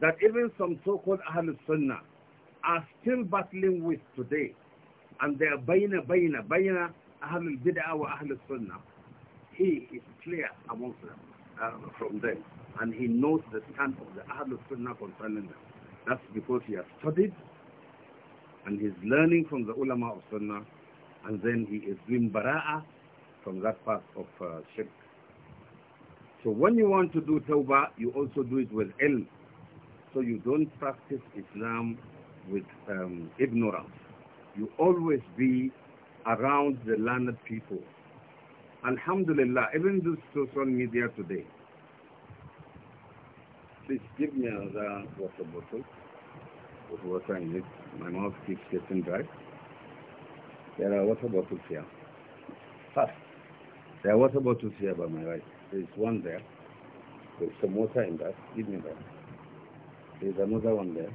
that even some so-called Ahlul Sunnah are still battling with today, and they are bayna bayna bayna Ahlul Bid'ah wa Ahlul Sunnah, he is clear amongst them, uh, from them, and he knows the stand of the Ahlul Sunnah concerning them. That's because he has studied, and he's learning from the ulama of Sunnah, and then he is doing bara'ah from that part of uh, shirk so when you want to do tawbah, you also do it with ilm. So you don't practice Islam with um, ignorance. You always be around the learned people. Alhamdulillah, even this social media today. Please give me another water bottle with water in it. My mouth keeps getting dry. There are water bottles here. Fast. There are water bottles here by my right. There's one there. There's some water in that. Give me that. There's another one there.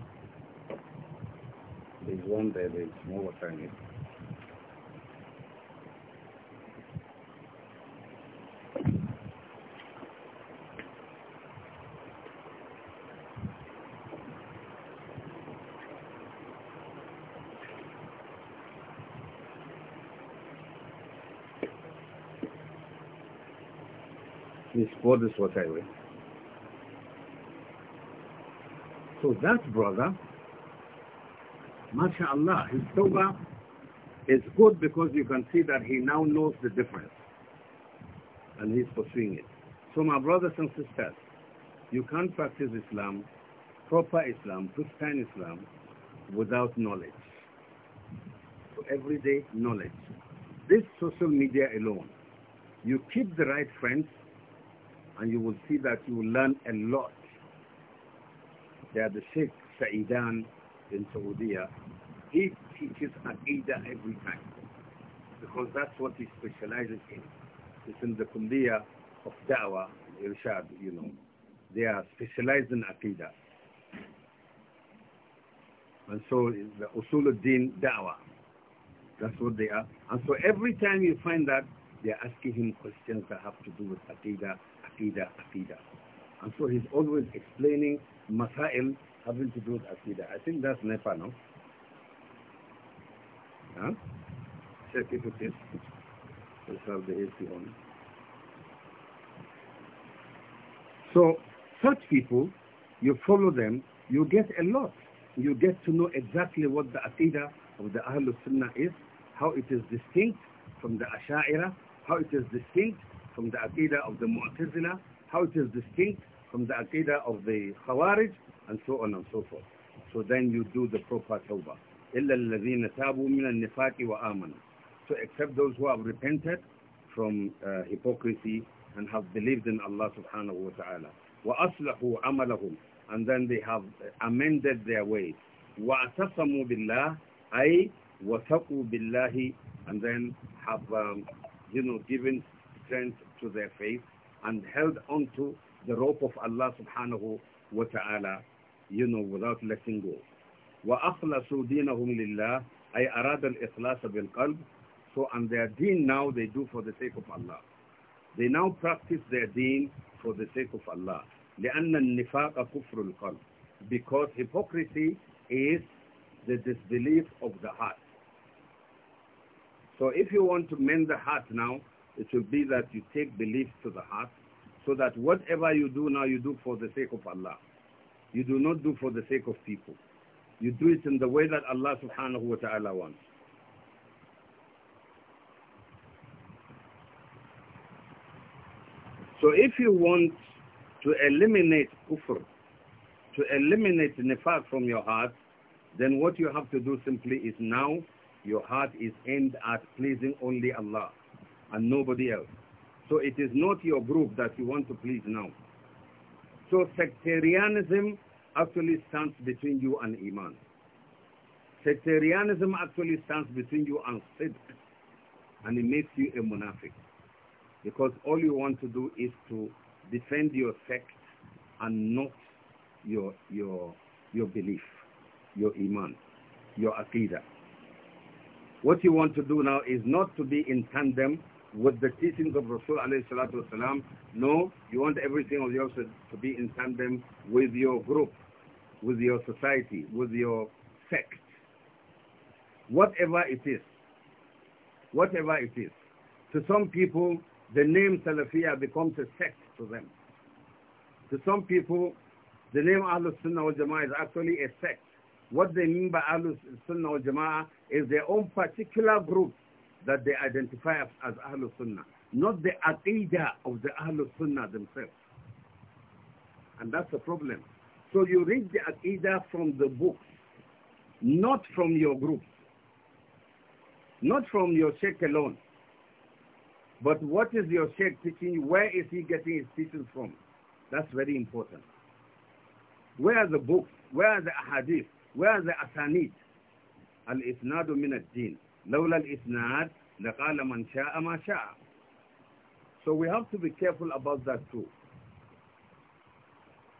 There's one there. There's more water in it. is for this I away. So that brother, mashallah, his tawbah is good because you can see that he now knows the difference. And he's pursuing it. So my brothers and sisters, you can't practice Islam, proper Islam, Christian Islam, without knowledge. So everyday knowledge. This social media alone, you keep the right friends and you will see that you will learn a lot. They are the Sheikh Sa'idan in Saudi. He teaches Aqidah every time because that's what he specializes in. It's in the Kundiya of Da'wah, Irshad, you know. They are specialized in Aqidah. And so the Usul al-Din Da'wah. That's what they are. And so every time you find that, they're asking him questions that have to do with Aqidah Aqidah, Aqidah. And so he's always explaining Masail having to do with Aqidah. I think that's Nepa, no? Huh? Check if it is. We'll have the AC on. So, such people, you follow them, you get a lot. You get to know exactly what the Aqidah of the Ahlul Sunnah is, how it is distinct from the Asha'ira, how it is distinct from the Aqidah of the Mu'tazila, how it is distinct from the Aqidah of the Khawarij, and so on and so forth. So then you do the proper tawbah. إِلَّا الَّذِينَ تَابُوا مِنَ النِّفَاقِ وَآمَنُوا So except those who have repented from uh, hypocrisy and have believed in Allah subhanahu wa ta'ala. وَأَصْلَحُوا عَمَلَهُمْ And then they have amended their ways. وَأَتَصَمُوا بِاللَّهِ أي وَتَقُوا بِاللَّهِ And then have, um, you know, given to their faith and held onto the rope of Allah subhanahu wa ta'ala, you know, without letting go. وَأَخْلَصُوا دِينَهُمْ لِلَّهِ أي أراد الإخلاص بالقلب So and their deen now they do for the sake of Allah. They now practice their deen for the sake of Allah. لأن النفاق كفر القلب Because hypocrisy is the disbelief of the heart. So if you want to mend the heart now, it should be that you take belief to the heart so that whatever you do now, you do for the sake of Allah. You do not do for the sake of people. You do it in the way that Allah subhanahu wa ta'ala wants. So if you want to eliminate kufr, to eliminate nifaq from your heart, then what you have to do simply is now your heart is aimed at pleasing only Allah and nobody else. So it is not your group that you want to please now. So sectarianism actually stands between you and Iman. Sectarianism actually stands between you and Sidq, and it makes you a munafiq. Because all you want to do is to defend your sect and not your, your, your belief, your Iman, your Aqidah. What you want to do now is not to be in tandem with the teachings of Rasul alayhi salatu wasalam. No, you want everything of yours to be in tandem with your group, with your society, with your sect. Whatever it is. Whatever it is. To some people, the name Salafiyah becomes a sect to them. To some people, the name Al Sunnah wal Jama'ah is actually a sect. What they mean by Al Sunnah wal Jama'ah is their own particular group that they identify as Ahlul Sunnah, not the aqidah of the Ahlul Sunnah themselves. And that's the problem. So you read the aqidah from the books, not from your group, not from your sheikh alone. But what is your sheikh teaching? you? Where is he getting his teachings from? That's very important. Where are the books? Where are the ahadith? Where are the asanid? Al-isnadu min ad-din. لولا الإسناد لقال من شاء ما شاء. So we have to be careful about that too.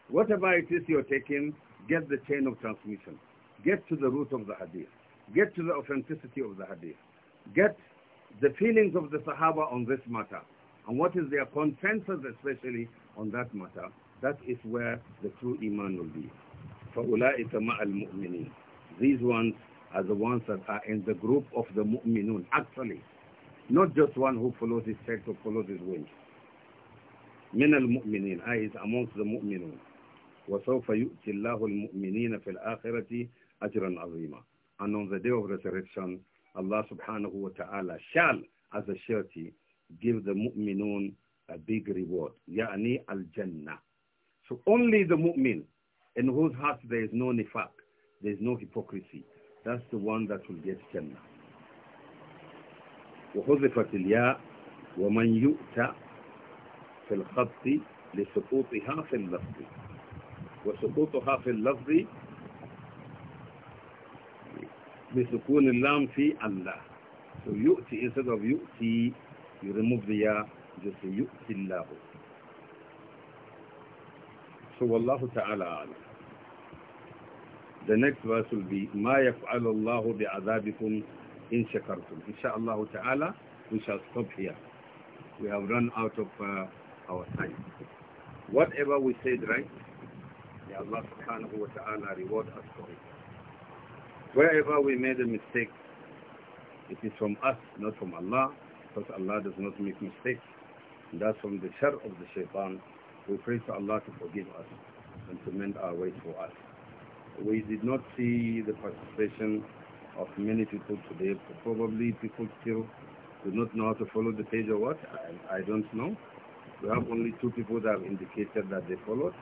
Whatever it is you're taking, get the chain of transmission. Get to the root of the hadith. Get to the authenticity of the hadith. Get the feelings of the Sahaba on this matter. And what is their consensus especially on that matter. That is where the true Iman will be. فَأُولَٰئِكَ al الْمُؤْمِنِينَ These ones are the ones that are in the group of the mu'minun, actually. Not just one who follows his sect or follows his wind. al mu'minin, أي is amongst the mu'minun. وسوف يؤتي الله المؤمنين في الآخرة أجرا عظيما. And on the day of resurrection, Allah subhanahu wa ta'ala shall, as a surety, give the mu'minun a big reward. يعني الجنة. So only the mu'min in whose heart there is no nifaq, there is no hypocrisy, That's the one that will get Jannah. وحذفت الياء ومن يؤتى في الخط لسقوطها في اللفظ وسقوطها في اللفظ بسكون اللام في الله So يؤتي instead of يؤتي you remove the ya just say يؤتي الله So والله تعالى أعلم The next verse will be ما يفعل الله بعذابكم إن شكرتم. Inshallah ta'ala, we shall stop here. We have run out of uh, our time. Whatever we said right, may Allah subhanahu wa ta'ala reward us for it. Wherever we made a mistake, it is from us, not from Allah, because Allah does not make mistakes. And that's from the shar of the shaitan. We pray to Allah to forgive us and to mend our ways for us we did not see the participation of many people today. Probably people still do not know how to follow the page or what. I, I don't know. We have only two people that have indicated that they followed.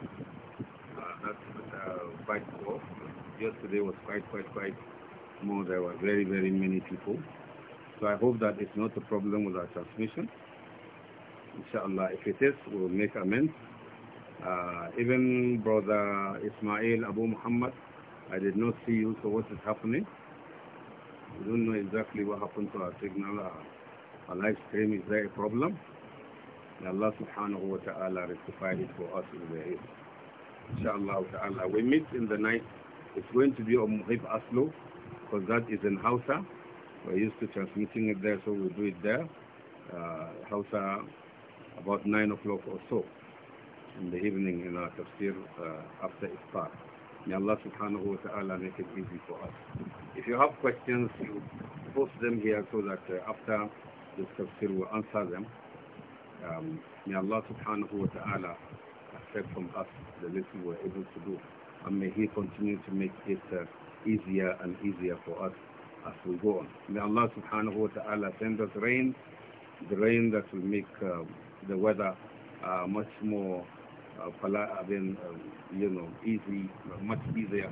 Uh, that's uh, quite poor. Yesterday was quite, quite, quite more. There were very, very many people. So I hope that it's not a problem with our transmission. Inshallah, if it is, we'll make amends. Uh, even brother Ismail Abu Muhammad, I did not see you, so what is happening? We don't know exactly what happened to our signal. Our, live stream, is there a problem? May Allah subhanahu wa ta'ala rectified it for us in the end. Inshallah ta'ala. We meet in the night. It's going to be on Muhib Aslo, because that is in Hausa. We're used to transmitting it there, so we'll do it there. Uh, Hausa about 9 o'clock or so in the evening in our tafsir uh, after iftar. May Allah subhanahu wa ta'ala make it easy for us. If you have questions, you post them here so that uh, after this tafsir we'll answer them. Um, may Allah subhanahu wa ta'ala accept from us the little we're able to do. And may He continue to make it uh, easier and easier for us as we go on. May Allah subhanahu wa ta'ala send us rain, the rain that will make uh, the weather uh, much more uh, um, you know, easy, much easier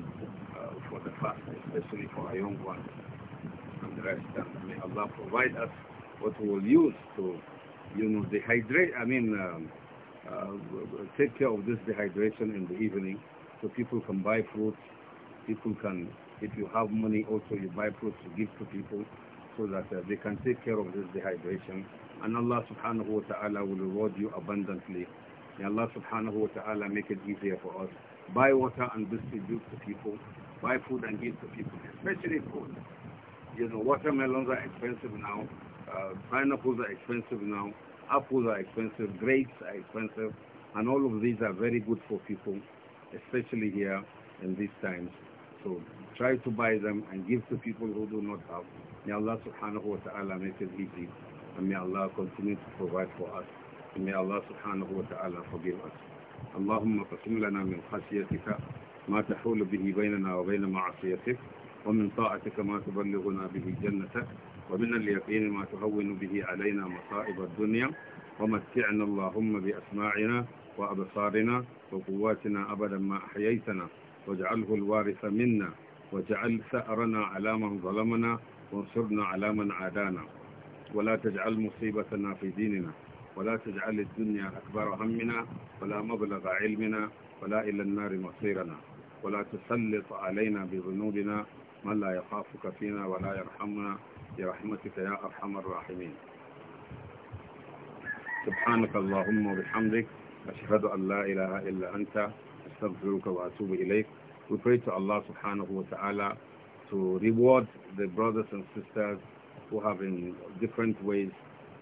uh, for the fast, especially for our young ones and the rest. And um, may Allah provide us what we will use to, you know, dehydrate, I mean, um, uh, take care of this dehydration in the evening so people can buy fruits, people can, if you have money also you buy fruits to give to people so that uh, they can take care of this dehydration and Allah subhanahu wa ta'ala will reward you abundantly. May Allah subhanahu wa ta'ala make it easier for us. Buy water and distribute to people. Buy food and give to people, especially food. You know, watermelons are expensive now. Uh, pineapples are expensive now. Apples are expensive. Grapes are expensive. And all of these are very good for people, especially here in these times. So try to buy them and give to people who do not have. May Allah subhanahu wa ta'ala make it easy. And may Allah continue to provide for us. And may Allah subhanahu wa ta'ala forgive us. اللهم قسم لنا من خشيتك ما تحول به بيننا وبين معصيتك ومن طاعتك ما تبلغنا به جنتك ومن اليقين ما تهون به علينا مصائب الدنيا ومتعنا اللهم بأسماعنا وأبصارنا وقواتنا أبدا ما أحييتنا واجعله الوارث منا واجعل ثأرنا على من ظلمنا وانصرنا على من عادانا ولا تجعل مصيبتنا في ديننا ولا تجعل الدنيا أكبر همنا ولا مبلغ علمنا ولا إلى النار مصيرنا ولا تسلط علينا بذنوبنا من لا يخافك فينا ولا يرحمنا برحمتك يا أرحم الراحمين سبحانك اللهم وبحمدك أشهد أن لا إله إلا أنت أستغفرك وأتوب إليك We pray to Allah subhanahu wa ta'ala to reward the brothers and sisters who have in different ways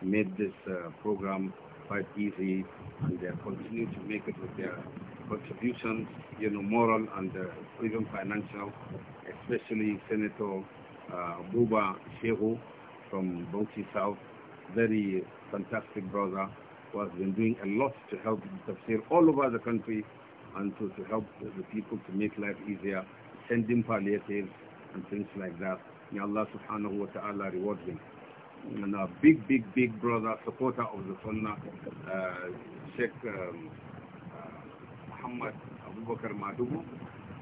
made this uh, program quite easy and they continue to make it with their contributions, you know, moral and uh, even financial, especially Senator uh, Buba Shehu from Bauchi South, very fantastic brother who has been doing a lot to help Tafsir all over the country and to, to help the people to make life easier, sending palliatives and things like that. May Allah subhanahu wa ta'ala reward him. And our big, big, big brother, supporter of the Sunnah, uh, Sheikh um, uh, Muhammad Abu Bakr Madhubu.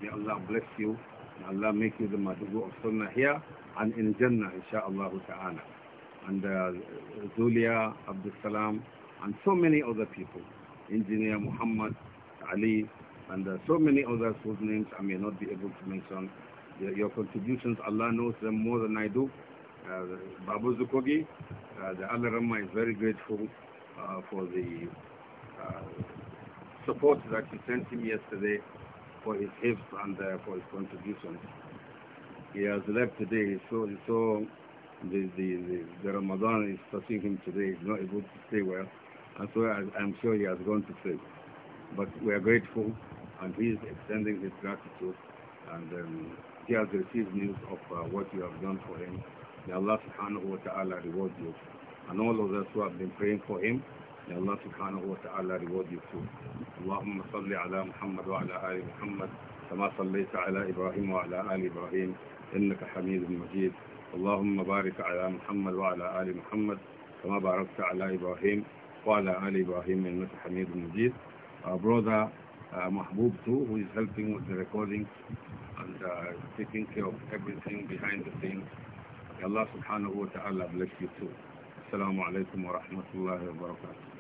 May Allah bless you. May Allah make you the Madhubu of Sunnah here and in Jannah, inshaAllah ta'ala. And uh, Zulia Abdul Salam and so many other people. Engineer Muhammad Ali and uh, so many others whose names I may not be able to mention. Your, your, contributions, Allah knows them more than I do. Uh, Babu Zukogi, uh, the Allah Rama is very grateful uh, for the uh, support that he sent him yesterday for his hips and uh, for his contributions. He has left today, so, so the, the, the, Ramadan is touching him today. He's not able to stay well, and so I, I'm sure he has gone to sleep. But we are grateful, and he is extending his gratitude and um, he has received news of uh, what you have done for him. May Allah subhanahu wa ta'ala reward you. And all of us who have been praying for him, may Allah subhanahu wa ta'ala reward you too. اللهم صل على محمد وعلى آل محمد كما صليت على إبراهيم وعلى آل إبراهيم إنك حميد مجيد اللهم بارك على محمد وعلى آل محمد كما باركت على إبراهيم وعلى آل إبراهيم إنك hamidun majid. Our brother uh, Mahbub too, who is helping with the recording and uh, taking care of everything behind the scenes. Allah subhanahu wa ta'ala bless you too. Assalamu alaikum wa rahmatullahi wa barakatuh.